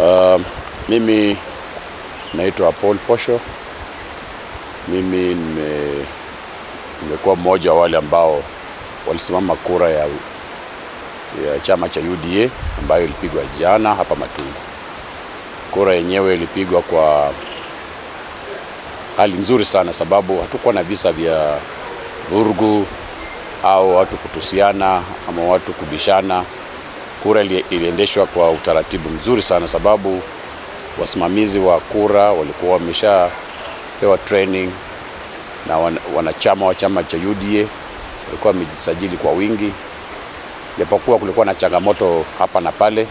Uh, mimi naitwa Paul Posho. Mimi nimekuwa mmoja wa wale ambao walisimama kura ya, ya chama cha UDA ambayo ilipigwa jana hapa Matungu. Kura yenyewe ilipigwa kwa hali nzuri sana, sababu hatukuwa na visa vya vurugu au watu kutusiana ama watu kubishana kura iliendeshwa kwa utaratibu mzuri sana, sababu wasimamizi wa kura walikuwa wameshapewa training na wanachama wa chama cha UDA walikuwa wamejisajili kwa wingi, japokuwa kulikuwa na changamoto hapa na pale,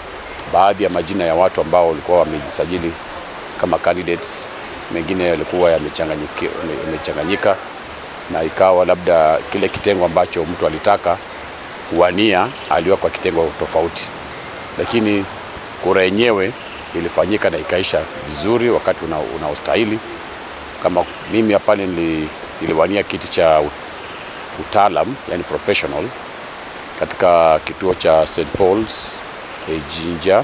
baadhi ya majina ya watu ambao walikuwa wamejisajili kama candidates, mengine yalikuwa yamechanganyika, na ikawa labda kile kitengo ambacho mtu alitaka kuwania aliwa kwa kitengo tofauti, lakini kura yenyewe ilifanyika na ikaisha vizuri wakati unaostahili una kama mimi hapa nili, niliwania kiti cha utaalam yani professional katika kituo cha St Paul's eh, Jinja,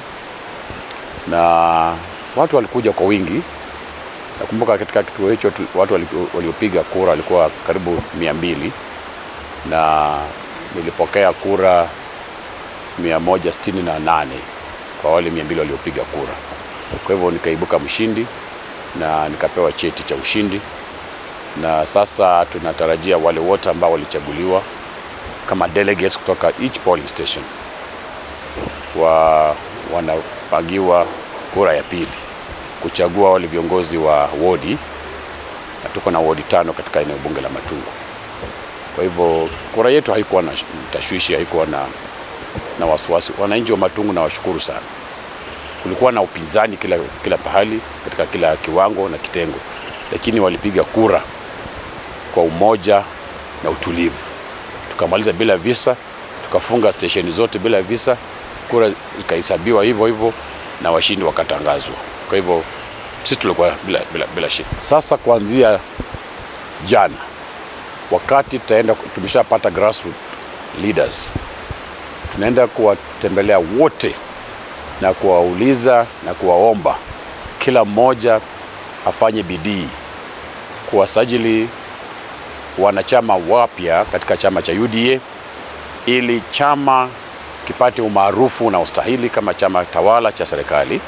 na watu walikuja kwa wingi. Nakumbuka katika kituo hicho watu waliopiga kura walikuwa karibu mia mbili na nilipokea kura 168 kwa wale 200 waliopiga kura. Kwa hivyo nikaibuka mshindi na nikapewa cheti cha ushindi, na sasa tunatarajia wale wote ambao walichaguliwa kama delegates kutoka each polling station wa wanapagiwa kura ya pili kuchagua wale viongozi wa wodi, na tuko na wodi tano katika eneo bunge la Matungu. Kwa hivyo kura yetu haikuwa na tashwishi, haikuwa na, na wasiwasi. Wananchi wa Matungu na washukuru sana. Kulikuwa na upinzani kila, kila pahali katika kila kiwango na kitengo, lakini walipiga kura kwa umoja na utulivu, tukamaliza bila visa, tukafunga stesheni zote bila visa, kura zikahesabiwa hivyo hivyo na washindi wakatangazwa. Kwa hivyo sisi tulikuwa bila, bila, bila shida. Sasa kuanzia jana wakati tutaenda, tumeshapata grassroots leaders, tunaenda kuwatembelea wote na kuwauliza na kuwaomba kila mmoja afanye bidii kuwasajili wanachama wapya katika chama cha UDA ili chama kipate umaarufu na ustahili kama chama tawala cha serikali.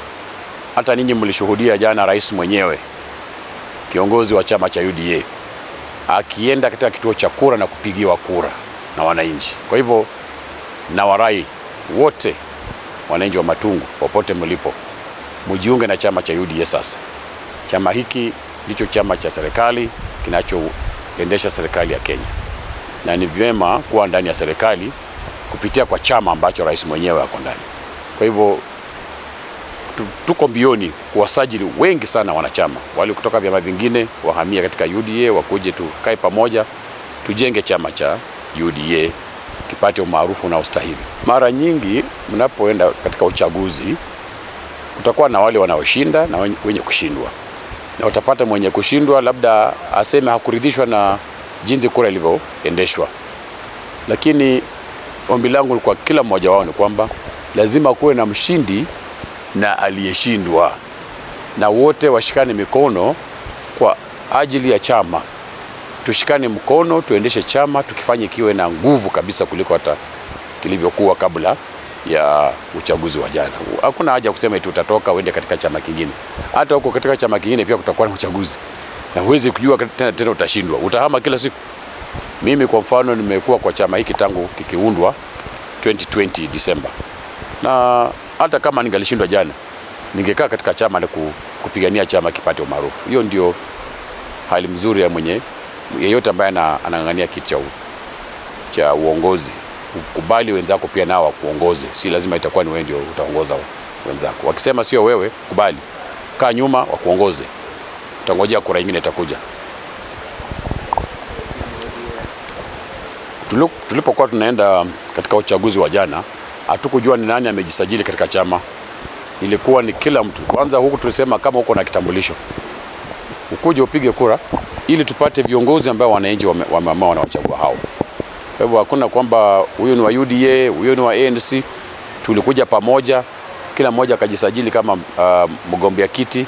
Hata ninyi mlishuhudia jana, rais mwenyewe kiongozi wa chama cha UDA akienda katika kituo cha kura na kupigiwa kura na wananchi. Kwa hivyo na warai wote wananchi wa Matungu popote mlipo, mjiunge na chama cha UDA. Sasa chama hiki ndicho chama cha serikali kinachoendesha serikali ya Kenya, na ni vyema kuwa ndani ya serikali kupitia kwa chama ambacho rais mwenyewe ako ndani. Kwa hivyo tuko mbioni kuwasajili wengi sana wanachama wale kutoka vyama vingine wahamia katika UDA, wakuje tukae pamoja, tujenge chama cha UDA kipate umaarufu ustahili. Mara nyingi mnapoenda katika uchaguzi, kutakuwa na wale wanaoshinda na wenye kushindwa, na utapata mwenye kushindwa labda aseme hakuridhishwa na jinsi kura ilivyoendeshwa, lakini ombi langu kwa kila mmoja wao ni kwamba lazima kuwe na mshindi na aliyeshindwa, na wote washikane mikono kwa ajili ya chama. Tushikane mkono, tuendeshe chama, tukifanye kiwe na nguvu kabisa kuliko hata kilivyokuwa kabla ya uchaguzi wa jana. Hakuna haja ya kusema eti utatoka uende katika chama kingine. Hata huko katika chama kingine pia kutakuwa na uchaguzi, na huwezi kujua tena tena utashindwa, utahama kila siku. Mimi kwa mfano nimekuwa kwa chama hiki tangu kikiundwa 2020 Disemba na hata kama ningalishindwa jana, ningekaa katika chama na kupigania chama kipate umaarufu. Hiyo ndio hali mzuri ya mwenye yeyote ambaye anang'ang'ania kiti cha uongozi. Ukubali wenzako pia nao wakuongoze, si lazima itakuwa ni wewe ndio utaongoza wenzako. Wakisema sio wewe, kubali, kaa nyuma, wakuongoze. Utangojea kura nyingine itakuja. Tulipokuwa tunaenda katika uchaguzi wa jana hatukujua ni nani amejisajili katika chama. Ilikuwa ni kila mtu. Kwanza huku tulisema kama uko na kitambulisho ukuje upige kura, ili tupate viongozi ambao wananchi wamama wanawachagua hao. Kwa hivyo hakuna kwamba huyu ni wa UDA, huyu ni wa ANC. Tulikuja pamoja, kila mmoja akajisajili kama uh, mgombea kiti,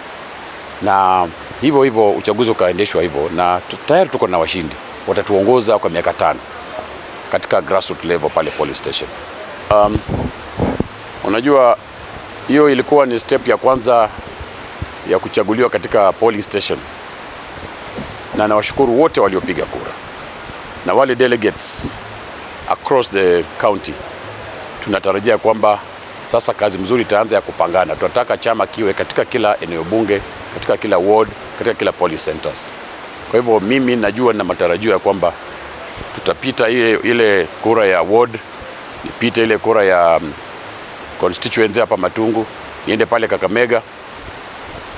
na hivyo hivyo uchaguzi ukaendeshwa hivyo, na tayari tuko na washindi watatuongoza kwa miaka tano katika grassroots level pale police station. Um, unajua hiyo ilikuwa ni step ya kwanza ya kuchaguliwa katika polling station, na nawashukuru wote waliopiga kura na wale delegates across the county. Tunatarajia kwamba sasa kazi mzuri itaanza ya kupangana. Tunataka chama kiwe katika kila eneo bunge, katika kila ward, katika kila polling centers. Kwa hivyo mimi najua na matarajio ya kwamba tutapita ile, ile kura ya ward nipite ile kura ya mm, constituency hapa Matungu, niende pale Kakamega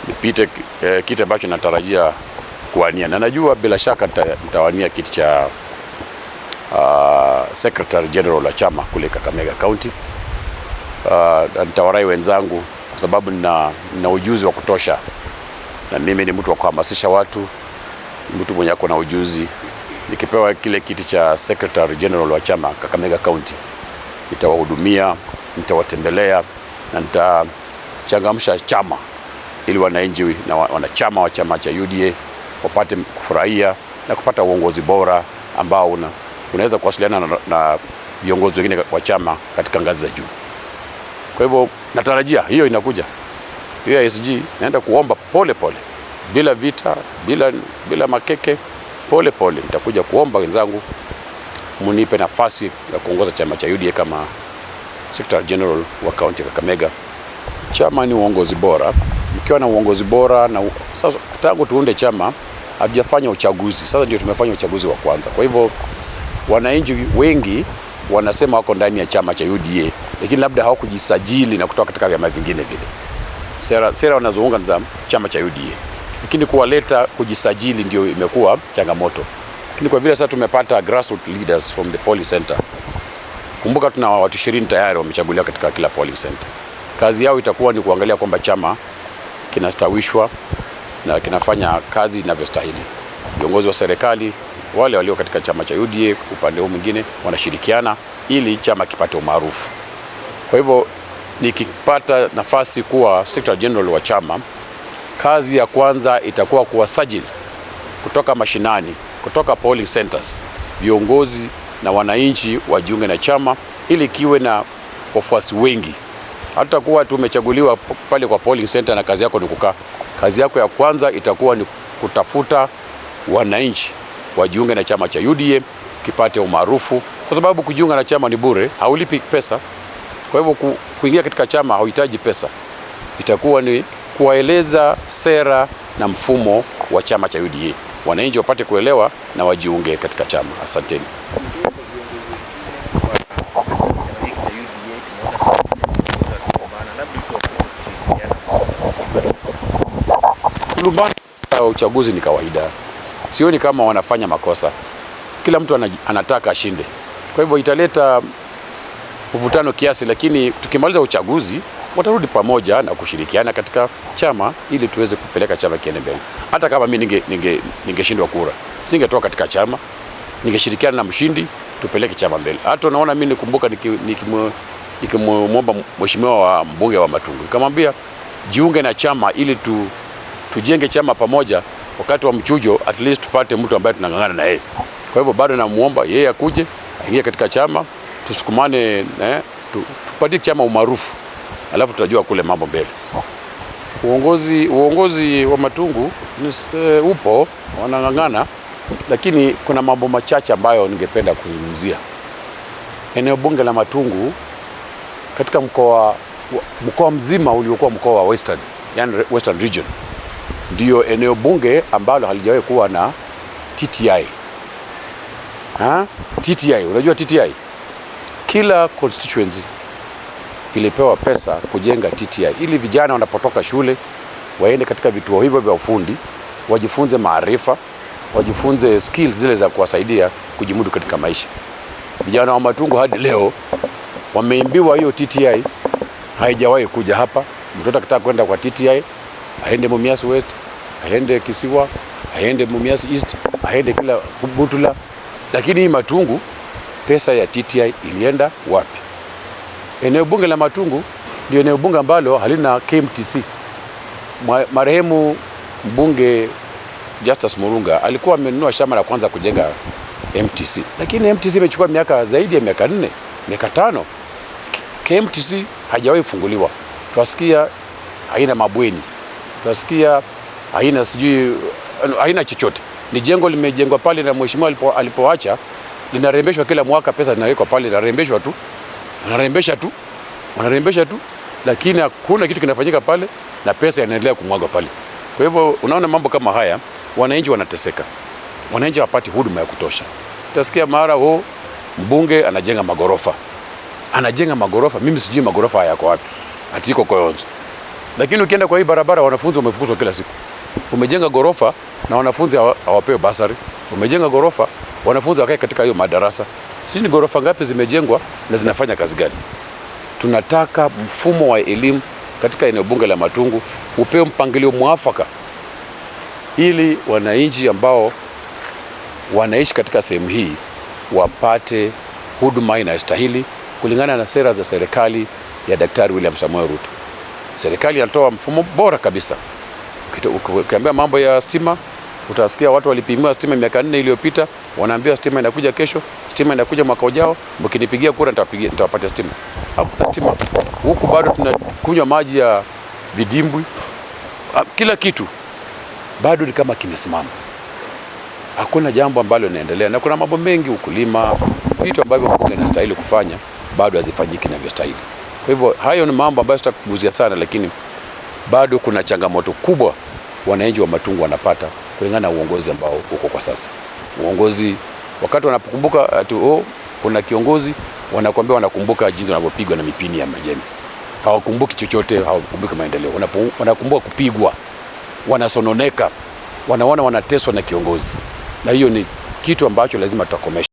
nipite eh, kiti ambacho natarajia kuwania, na najua bila shaka nitawania kiti cha uh, secretary general wa chama kule Kakamega County. Uh, nitawarai wenzangu kwa sababu nina, nina ujuzi wa kutosha, na mimi ni mtu wa kuhamasisha watu, mtu mwenye ako na ujuzi. Nikipewa kile kiti cha secretary general wa chama Kakamega County nitawahudumia, nitawatembelea na nitachangamsha chama ili wananchi na wanachama wa chama cha UDA wapate kufurahia na kupata uongozi bora ambao una, unaweza kuwasiliana na viongozi wengine wa chama katika ngazi za juu. Kwa hivyo natarajia hiyo inakuja hiyo ya SG, naenda kuomba pole pole, bila vita, bila, bila makeke, pole pole nitakuja kuomba wenzangu munipe nafasi ya kuongoza chama cha UDA kama Secretary General wa kaunti ya Kakamega. Chama ni uongozi bora, mkiwa na uongozi bora na u... Sasa tangu tuunde chama hatujafanya uchaguzi, sasa ndio tumefanya uchaguzi wa kwanza. Kwa hivyo wananchi wengi wanasema wako ndani ya chama cha UDA, lakini labda hawakujisajili na kutoka katika vyama vingine vile. Sera, sera wanazounga za chama cha UDA, lakini kuwaleta kujisajili ndio imekuwa changamoto. Lakini kwa vile sasa tumepata grassroots leaders from the polling center. Kumbuka tuna watu 20 tayari wamechaguliwa katika kila polling center. Kazi yao itakuwa ni kuangalia kwamba chama kinastawishwa na kinafanya kazi inavyostahili. Viongozi wa serikali wale walio katika chama cha UDA upande huu mwingine wanashirikiana ili chama kipate umaarufu. Kwa hivyo nikipata nafasi kuwa Secretary General wa chama, kazi ya kwanza itakuwa kuwasajili kutoka mashinani kutoka polling centers, viongozi na wananchi wajiunge na chama ili kiwe na wafuasi wengi. Hatutakuwa tumechaguliwa pale kwa polling center na kazi yako ni kukaa. Kazi yako ya kwanza itakuwa ni kutafuta wananchi wajiunge na chama cha UDA kipate umaarufu, kwa sababu kujiunga na chama ni bure, haulipi pesa. Kwa hivyo kuingia katika chama hauhitaji pesa, itakuwa ni kuwaeleza sera na mfumo wa chama cha UDA wananchi wapate kuelewa na wajiunge katika chama. Asanteni. Kulumbana uchaguzi ni kawaida, sioni kama wanafanya makosa. Kila mtu anataka ashinde, kwa hivyo italeta mvutano kiasi, lakini tukimaliza uchaguzi watarudi pamoja na kushirikiana katika chama ili tuweze kupeleka chama kiende mbele. Hata kama mimi ningeshindwa ninge, ninge kura singetoka katika chama, ningeshirikiana na mshindi tupeleke chama mbele. Hata unaona mimi nikumbuka nikimwomba mheshimiwa wa mbunge wa Matungu nikamwambia jiunge na chama ili tu, tujenge chama pamoja. Wakati wa mchujo at least tupate mtu ambaye tunang'ang'ana na yeye. Kwa hivyo bado namuomba yeye akuje aingie katika chama tusukumane, eh, tupatie chama umaarufu alafu tutajua kule mambo mbele. Uongozi, uongozi wa Matungu uh, upo wanang'ang'ana, lakini kuna mambo machache ambayo ningependa kuzungumzia. Eneo bunge la Matungu katika mkoa mkoa mzima uliokuwa mkoa wa Western, yani Western Region ndiyo eneo bunge ambalo halijawahi kuwa na TTI. Ha? TTI, unajua TTI? Kila constituency ilipewa pesa kujenga TTI ili vijana wanapotoka shule waende katika vituo hivyo vya ufundi wajifunze maarifa, wajifunze skills zile za kuwasaidia kujimudu katika maisha. Vijana wa Matungu hadi leo wameimbiwa hiyo TTI, haijawahi kuja hapa. Mtoto akitaka kwenda kwa TTI aende Mumias West, aende Kisiwa, aende Mumias East, aende kila Butula, lakini hii Matungu pesa ya TTI ilienda wapi? Eneo bunge la Matungu ndio eneo bunge ambalo halina KMTC. Marehemu mbunge Justus Murunga alikuwa amenunua shamba la kwanza kujenga MTC, lakini MTC imechukua miaka zaidi ya miaka nne, miaka tano. KMTC hajawahi funguliwa. Twasikia haina mabweni, twasikia haina sijui, haina chochote. Ni jengo limejengwa pale na mheshimiwa alipoacha, linarembeshwa kila mwaka, pesa zinawekwa pale, linarembeshwa tu wanarembesha tu, wanarembesha tu, lakini hakuna kitu kinafanyika pale na pesa yanaendelea kumwagwa pale. Kwa hivyo unaona mambo kama haya, wananchi wanateseka, wananchi hawapati huduma ya kutosha. Utasikia mara huu oh, mbunge anajenga magorofa, anajenga magorofa. Mimi sijui magorofa haya yako wapi, atiko Koyonzo, lakini ukienda kwa hii barabara wanafunzi wamefukuzwa kila siku. Umejenga gorofa na wanafunzi hawapewi basari, umejenga gorofa wanafunzi wakae katika hiyo madarasa sijui ni ghorofa ngapi zimejengwa na zinafanya kazi gani. Tunataka mfumo wa elimu katika eneo bunge la Matungu upewe mpangilio mwafaka, ili wananchi ambao wanaishi katika sehemu hii wapate huduma inayostahili kulingana na sera za serikali ya Daktari William Samoei Ruto. Serikali inatoa mfumo bora kabisa. Ukiambia mambo ya stima Utasikia watu walipimiwa stima miaka nne iliyopita, wanaambiwa stima inakuja kesho, stima inakuja mwaka ujao, mkinipigia kura nitawapatia stima. Hakuna stima huku, bado tunakunywa maji ya vidimbwi, ah, kila kitu bado ni kama kimesimama. Hakuna jambo ambalo linaendelea, na kuna mambo mengi, ukulima, vitu ambavyo mbunge anastahili kufanya bado hazifanyiki inavyostahili. Kwa hivyo hayo ni mambo ambayo sitakuguzia sana, lakini bado kuna changamoto kubwa wananchi wa Matungu wanapata kulingana na uongozi ambao uko kwa sasa. Uongozi wakati wanapokumbuka ati oh, kuna kiongozi, wanakuambia wanakumbuka jinsi wanavyopigwa na mipini ya majembe, hawakumbuki chochote, hawakumbuki maendeleo, wanakumbuka kupigwa, wanasononeka, wanaona wanateswa na kiongozi, na hiyo ni kitu ambacho lazima tutakomesha.